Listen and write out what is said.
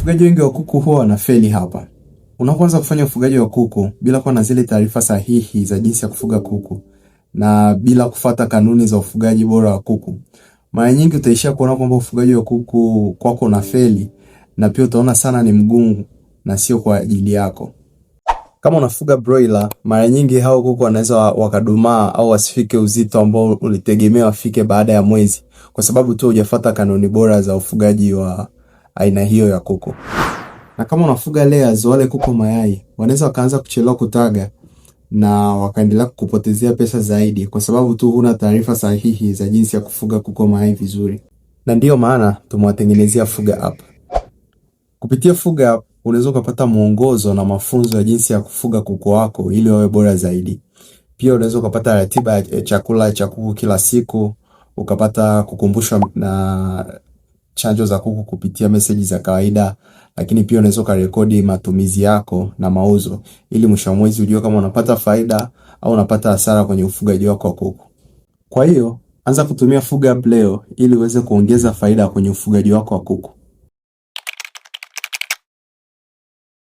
Wafugaji wengi wa kuku huwa wanafeli hapa. Unapoanza kufanya ufugaji wa kuku bila kuwa na zile taarifa sahihi za jinsi ya kufuga kuku na bila kufata kanuni za ufugaji bora wa kuku, mara nyingi utaishia kuona kwamba ufugaji wa kuku kwako unafeli, na pia utaona sana ni mgumu na sio kwa ajili yako. Kama unafuga broiler, mara nyingi hao kuku wanaweza wakadumaa au wasifike uzito ambao ulitegemea wafike baada ya mwezi, kwa sababu tu hujafuata kanuni bora za ufugaji wa aina hiyo ya kuku. Na kama unafuga layers, wale kuku mayai wanaweza wakaanza kuchelewa kutaga na wakaendelea kukupotezea pesa zaidi, kwa sababu tu huna taarifa sahihi za jinsi ya kufuga kuku mayai vizuri, na ndiyo maana tumewatengenezea Fuga App. Kupitia Fuga App unaweza ukapata mwongozo na mafunzo ya jinsi ya kufuga kuku wako ili wawe bora zaidi. Pia unaweza ukapata ratiba ya chakula cha kuku kila siku, ukapata kukumbushwa na chanjo za kuku kupitia meseji za kawaida, lakini pia unaweza ukarekodi matumizi yako na mauzo, ili mwisho wa mwezi ujue kama unapata faida au unapata hasara kwenye ufugaji wako wa kuku. Kwa hiyo anza kutumia Fuga leo ili uweze kuongeza faida kwenye ufugaji wako wa kuku.